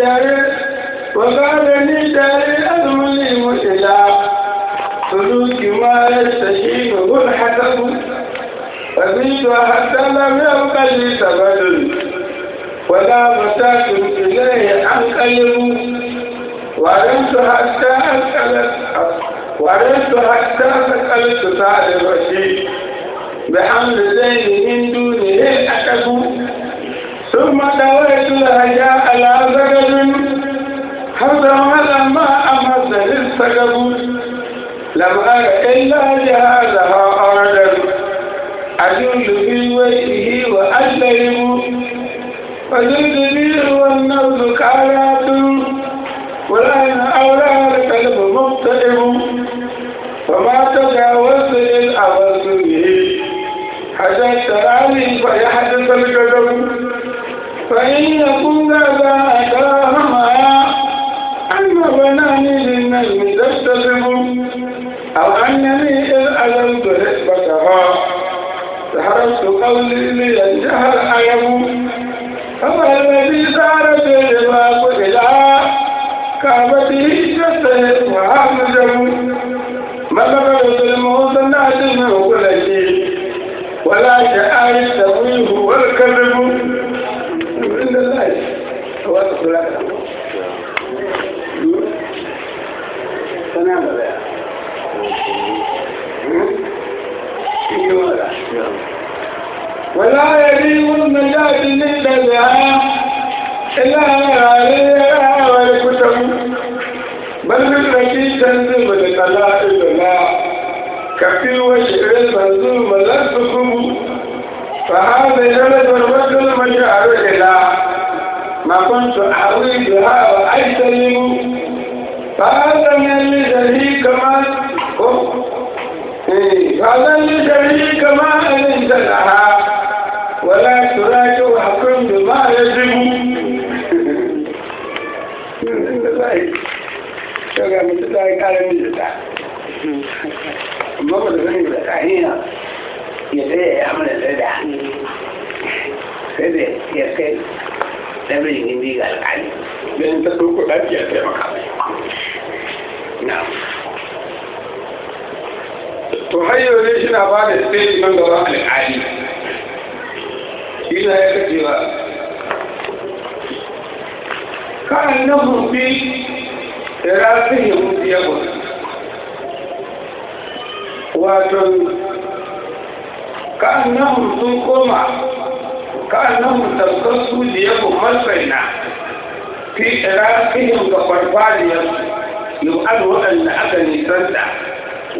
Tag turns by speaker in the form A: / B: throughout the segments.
A: داري وبعدني داري المليم إلى سلوك ما يستشير الحكم فزيد حتى لم يبق لي ثمن ولا مساك إليه أنقلب ورمت حتى أنقلت ورمت حتى أنقلت سعد الرشيد بحمد زين من دونه أكبر ثم دويت الهجاء على زجل هذا هذا ما أمس للسجل لم أر إلا جهازها أردا أجل في وجهه وأجلب وجلد لي والنفس كارا قولي لينتهى الأيم أما الذي سار بالرباط إلى كعبته جسد وعمده ملك بالموت النادم وكل شيء ولا
B: شعار التمويه والكذب عند الله وقف لك تنام بها Thank you.
A: ولا يليق النجاة مثل بها
B: إلا
A: عليها والكتب بل التي تنزل لقلائد الله كفي وشعر المنزوم لا تقوم فهذا جلد الرجل المشاعر إلى ما كنت أحوي بها وأجتنب فهذا من لديه كما إيه. هذا من كمان كما أنزلها ولا تراجع حكم بما يجب شغل متداي قال من جدا ما بده بني بقى هنا يدري يعمل الرجع سيدي يا سيدي لابد ان دي قال علي لان تسوق الحج يا سيدي نعم تحير ليش انا بعد من وراء العالي إلا يكذبا كأنهم في راسهم ثياب واتن كأنهم sun koma ka'annan tamkar su da ya kumar kaina fi irafihim ga farfaliyar yu'ad waɗanda aka nisanta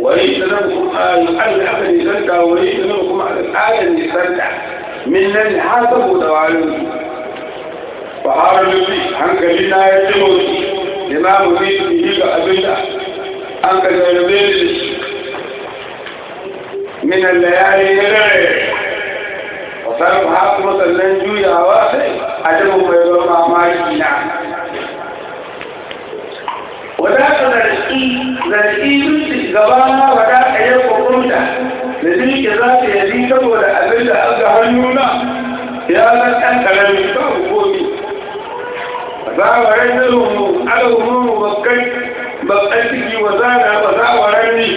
A: wani sanar kuma yu'ad da aka nisanta wani sanar kuma aka tsara nisanta min nan ha saboda wayoyi ba har lubi hankali na ya ci motsi imamu ne su yi ga abinda an ka jarabe da shi min allayali na dare wasan ha kuma sannan juyawa sai a jama mai ban mamaki na wadata zarki zarki gaba na wadata ya kwakwunta da zirke za ta yi saboda ya nan ɗan ƙarami ba ku komi za wa ranar rumu alawurin bakkan bakkan ciki wa zana ba za wa rani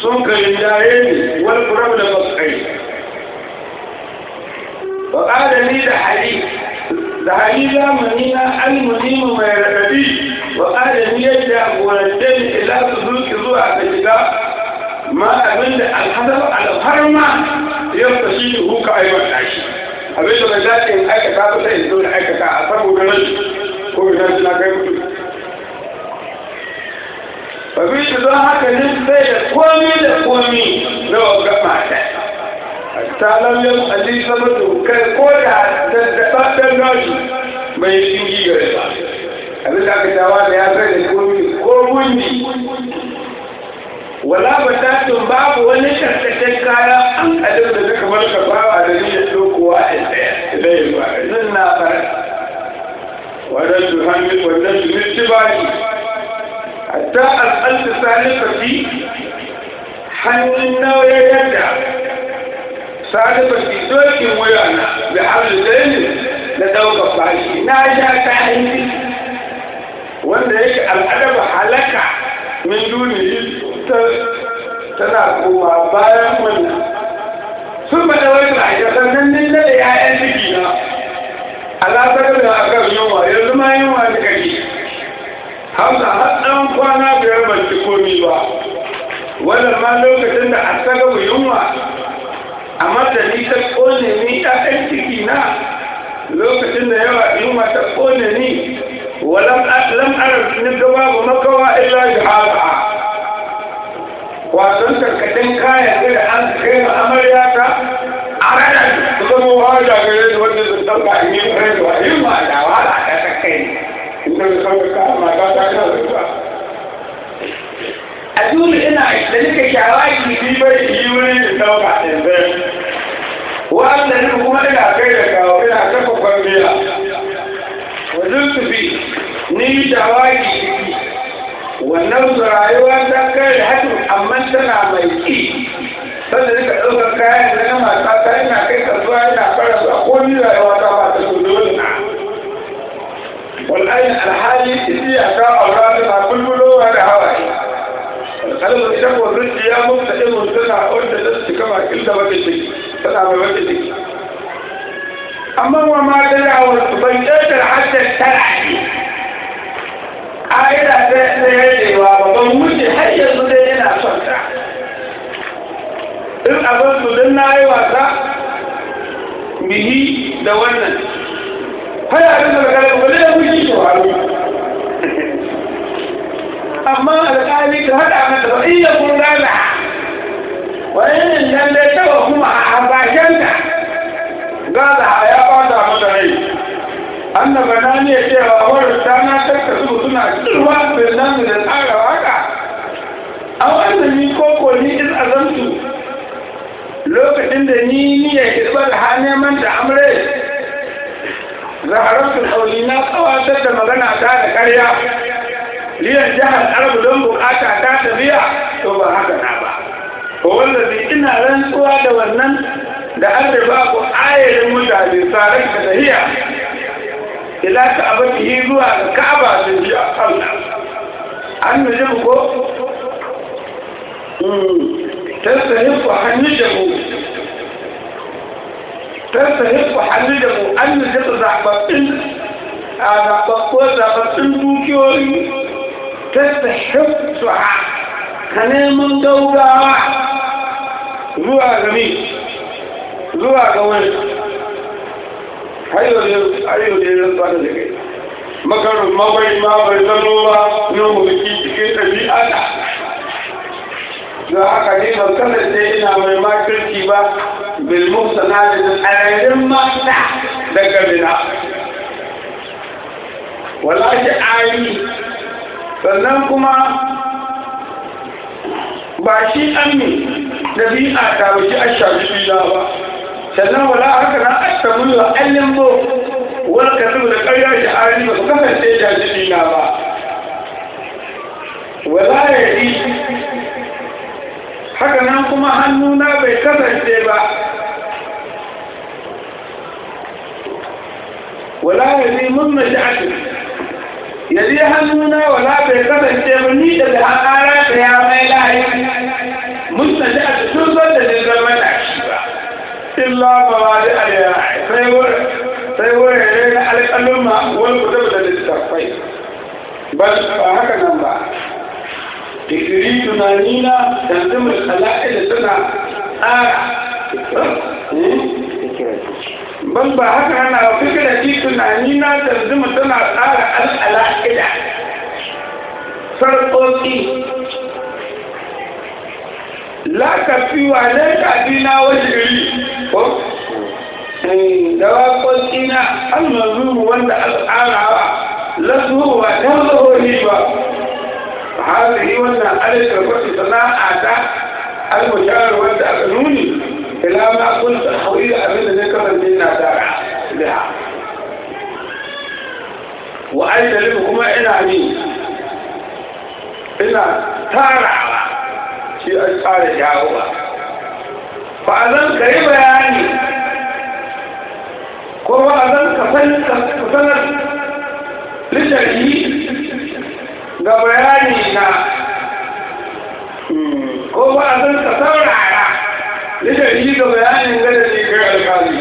A: sun kai jaye ne wani kuram da bakkai ba ƙadani da hali da hali zamani na almunimu mai raɗaɗi wa ƙadani yadda gorance ne ila su zuwa ga shiga ma abinda alhazar alfarma yadda shi ruka aiwata abin da bai dace in aikata ta sai in zo da aikata a saboda nan ko da shi na kai mutum abin da don haka ne sai da komi da komi na wanga mata talam yau ali sama to kai ko da daddaɗaɗɗen nashi bai yi yi ba abin da aka tawa da ya sai da komi ko gundi
B: wala matatun babu wani
A: karkashin kaya an kadin da zaka barka bawa da niyyar dokowa in tsaya idan ba nan na fara wannan duhanni wannan mutibani hatta al'alta salifati hannun nawa yadda salifati dokin wuyana da halin dalilin na ɗaukar bashi na ja ta hanyi wanda yake al'adaba halaka min duniya ta tana koma bayan wani sun bada wani a ita sannan na da ya'yan ciki na alaƙar da akan yunwa yanzu ma yunwa da kake hamsa har ɗan kwana biyar ban ci komi ba wannan ma lokacin da a saka mu yunwa amma da ni ta ƙone ni ya'yan ciki na lokacin da yawa yunwa ta ƙone ni walam lam arab ni gaba ba makawa illa jihada wasan karkashin kayan da an kai ma amarya ta a ranar su zama wahala gare da wanda su san ba in yi rai da wani ma da wala ta ta kai inda su san ka ma ta ta ta zuwa a dole ina da nika shawaki ni bai yi wuri da sauka ɗin zai wa'anda ni kuma ina kai da kawo ina kafa kwambiya wajen su bi ni shawaki wannan su rayuwa ta kai hakin amma tana mai ki sannan nika ɗaukar kayan da na mata ta yana kai kasuwa yana fara su a komi rayuwa ta ba ta su dole na والآن الحالي إذا أتى أولادنا كل نوع هواي القلب إذا هو الرجل يا مبتئم سنة أنت لست كما كنت بديك سنة بديك أما وما تدعو البيتات حتى تلعب da wannan har abin da magana wani ya kushi shi wani amma alƙali ta haɗa mata ba iya kun rana wani nan da taɓa kuma a ta gaza a ya a mata rai annaba na ne cewa wani ta na tattasu suna tsirwa birnin da tsara waka a wannan lokacin da ni ya kirɓar ha neman da amre zahararsu ƙauli na tsawatar da magana ta da karya. liyan jihar arabu don bukata ta tafiya to ba haka na ba ko zai ina rantsuwa da wannan da an da ba ku ayyarin mutane tsarin ka tafiya ila ka abin zuwa ga ka'aba sun biya a Allah
B: an nujibu ko
A: hmm. تستهب حنجه تستهب حنجه أن جد زعبتين زعبتين زعبتين دوكيوي تستحب سعى كنام دوغا زوا غني زوا غوان أيوة أيوة أيوة مكان ما بين ما بين الله نوم بكي كي تبي أنا don haka ne ban kasance ina mai makirki ba bil muhsana da tsararin mata daga mina wallahi ayi sannan kuma ba shi ammi da bi'a ta wuce a shafi ba sannan wala haka na astabullu allan bo wani kadhib da ƙarya shi ayi ba kasance da na ba hannuna bai kasance ba wala ya zai munna sha'atu ya zai hannuna wala bai kasance ba ni da da ƙara ta ya mai layi
B: munna sha'atu sun zan da zai zama da shi ba
A: illa ba ba da arewa sai wurin sai wurin na alƙalumma wani kudu da littattafai ba haka nan ba digiri tunani na yanzu mai alaƙa da suna tsara ban ba haka ana fikira ji tunani na yanzu mu tana tsara al'alaƙida sarƙoƙi la ka fi wa ne ka bi na wajiri ko da waƙoƙi na almazuru wanda al'arawa lasu wa ɗan lahori ba هذه wannan alƙarƙashi sana'a ta almushahar wanda aka nuni ila ma kun hauri da abin da ne kamar na tara da wa aidalin kuma ina ne ina tarawa shi an tsara jawowa ba zan ka yi bayani ko ba
B: zan ka sanar
A: lishahi ga bayani na ko ba a san ka saurara lidari ga bayanin gada ne kai alkali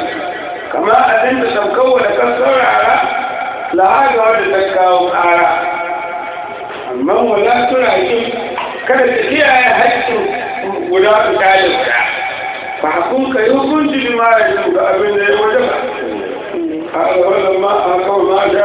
A: kama a san da saukawa da kan saurara la'agawa da ta kawo ƙara amma wala suna yi kada ta kiyaye haƙƙin guda alkalinka ba hakun ka yi
B: hukunci limarin ga abin da ya wajen ba a gaban ma a kawai ma